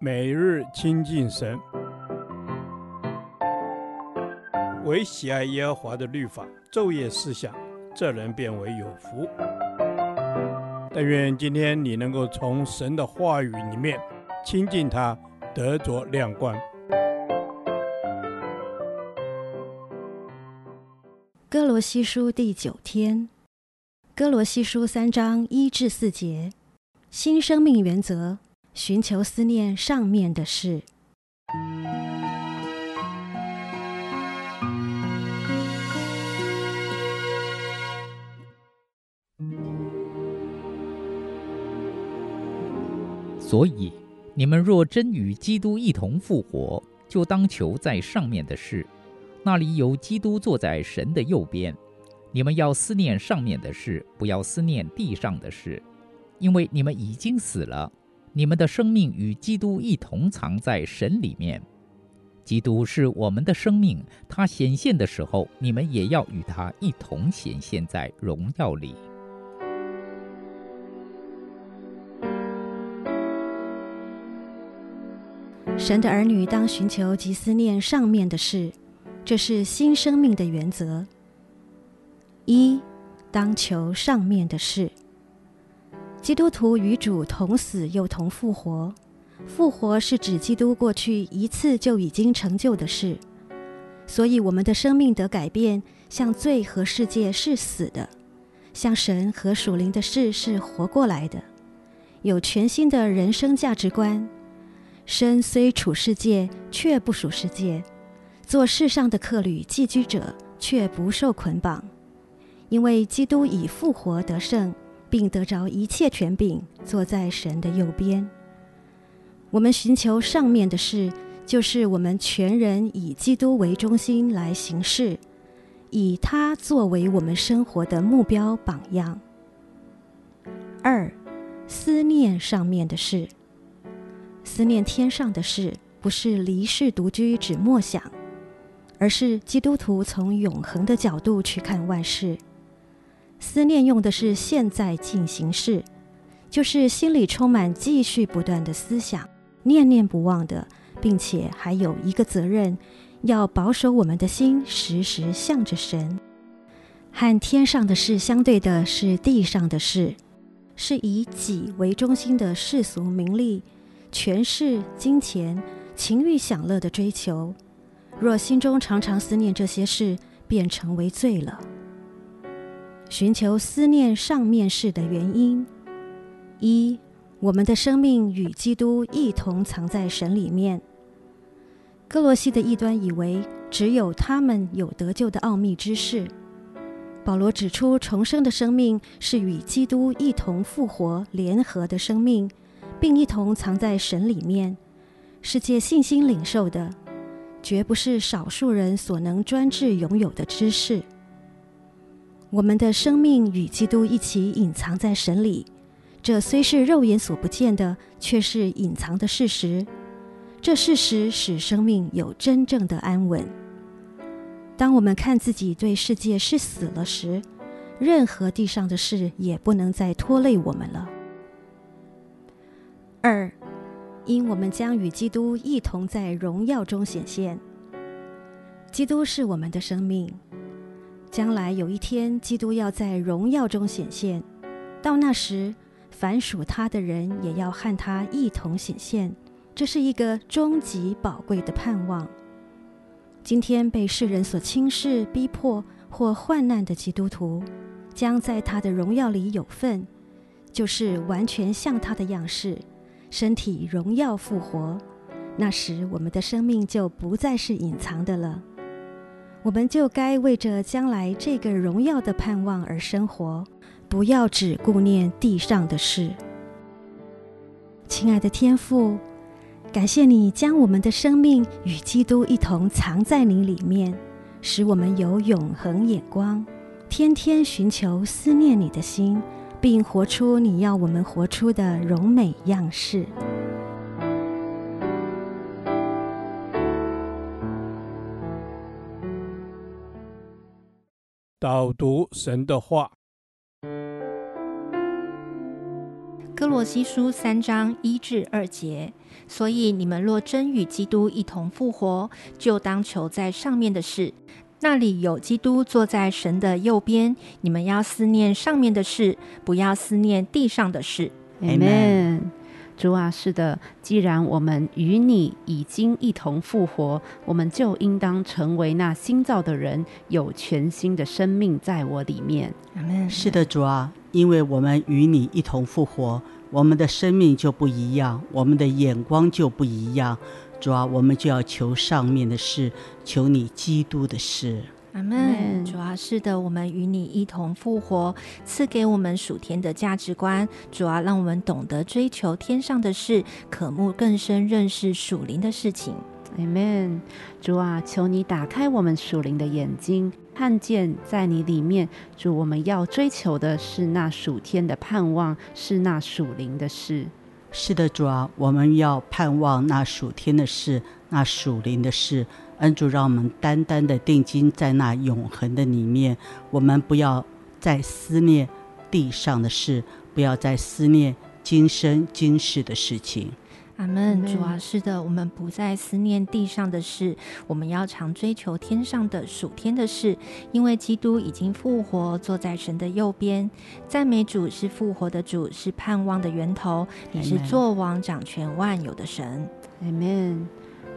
每日親近神，唯喜愛耶和華的律法，晝夜思想，這人便為有福。但願今天你能夠從神的話語裡面親近他，得着亮光。歌羅西書第九天，歌羅西書三章一至四節，新生命原則。尋求思念上面的事。所以，你們若真與基督一同復活，就當求在上面的事。那裡有基督坐在神的右邊。你們要思念上面的事，不要思念地上的事，因為你們已經死了。你們的生命與基督一同藏在神裡面，基督是我們的生命，他顯現的時候，你們也要與他一同顯現在榮耀裡。神的兒女當尋求及思念上面的事，這是新生命的原則。一，當求上面的事。基督徒與主同死又同復活，復活是指基督過去一次就已經成就的事，所以我們的生命得改變，向罪和世界是死的，向神和屬靈的事是活過來的，有全新的人生價值觀。身雖處世界，卻不屬世界；做世上的客旅、寄居者，卻不受捆綁，因為基督已復活得勝。並得着一切權柄，坐在神的右邊。我們尋求上面的事，就是我們全人以基督為中心來行事，以他作為我們生活的目標榜樣。二，思念上面的事，思念天上的事，不是離世獨居只默想，而是基督徒從永恆的角度去看萬事。思念用的是現在進行式，就是心裡充滿繼續不斷的思想，念念不忘的，並且還有一個責任，要保守我們的心，時時向着神。和天上的事相對的是地上的事，是以己為中心的世俗名利、權勢、金錢、情慾享樂的追求。若心中常常思念這些事，便成為罪了。尋求思念上面事的原因。一，我們的生命與基督一同藏在神裡面。歌羅西的異端以為只有他們有得救的奧秘知識。保羅指出，重生的生命是與基督一同復活聯合的生命，並一同藏在神裡面。是藉信心領受的，絕不是少數人所能專制擁有的知識。我們的生命與基督一起隱藏在神裡，這雖是肉眼所不見的，卻是隱藏的事實。這事實使生命有真正的安穩。當我們看自己對世界是死了時，任何地上的事也不能再拖累我們了。二，因我們將與基督一同在榮耀中顯現。基督是我們的生命。將來有一天，基督要在榮耀中顯現，到那時，凡屬他的人也要和他一同顯現。這是一個終極寶貴的盼望。今天被世人所輕視、逼迫或患難的基督徒，將在他的榮耀裡有份，就是完全像他的樣式，身體榮耀復活。那時，我們的生命就不再是隱藏的了。我們就該為着將來這個榮耀的盼望而生活，不要只顧念地上的事。親愛的天父，感謝你將我們的生命與基督一同藏在你裡面，使我們有永恆眼光，天天尋求思念你的心，並活出你要我們活出的榮美樣式。導讀神的話，《歌羅西書》三章一至二節，所以你們若真與基督一同復活，就當求在上面的事，那裡有基督坐在神的右邊。你們要思念上面的事，不要思念地上的事。阿門。主啊，是的，既然我們與你已經一同復活，我們就應當成為那新造的人，有全新的生命在我裡面。Amen. 是的，主啊，因為我們與你一同復活，我們的生命就不一樣，我們的眼光就不一樣。主啊，我們就要求上面的事，求你基督的事。阿門，主啊，是的，我們與你一同復活，賜給我們屬天的價值觀，主啊，讓我們懂得追求天上的事，渴慕更深認識屬靈的事情。阿門，主啊，求你打開我們屬靈的眼睛，看見在你裡面，主，我們要追求的是那屬天的盼望，是那屬靈的事。是的，主啊，我們要盼望那屬天的事，那屬靈的事。恩主，讓我們單單的定睛在那永恆的裡面，我們不要再思念地上的事，不要再思念今生今世的事情。阿門，主啊，是的，我們不再思念地上的事，我們要常追求天上的屬天的事，因為基督已經復活，坐在神的右邊。讚美主，是復活的主，是盼望的源頭，你是作王掌權萬有的神。Amen。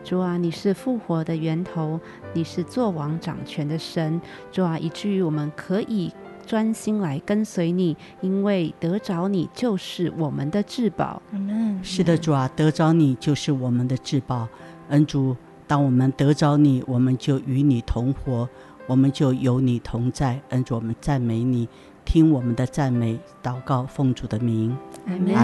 主啊，你是復活的源頭，你是做王掌權的神。主啊，以至於我們可以專心來跟隨你，因為得着你就是我們的至寶。Amen. 是的，主啊，得着你就是我們的至寶。恩主，當我們得着你，我們就與你同活，我們就有你同在。恩主，我們讚美你，聽我們的讚美禱告，奉主的名，阿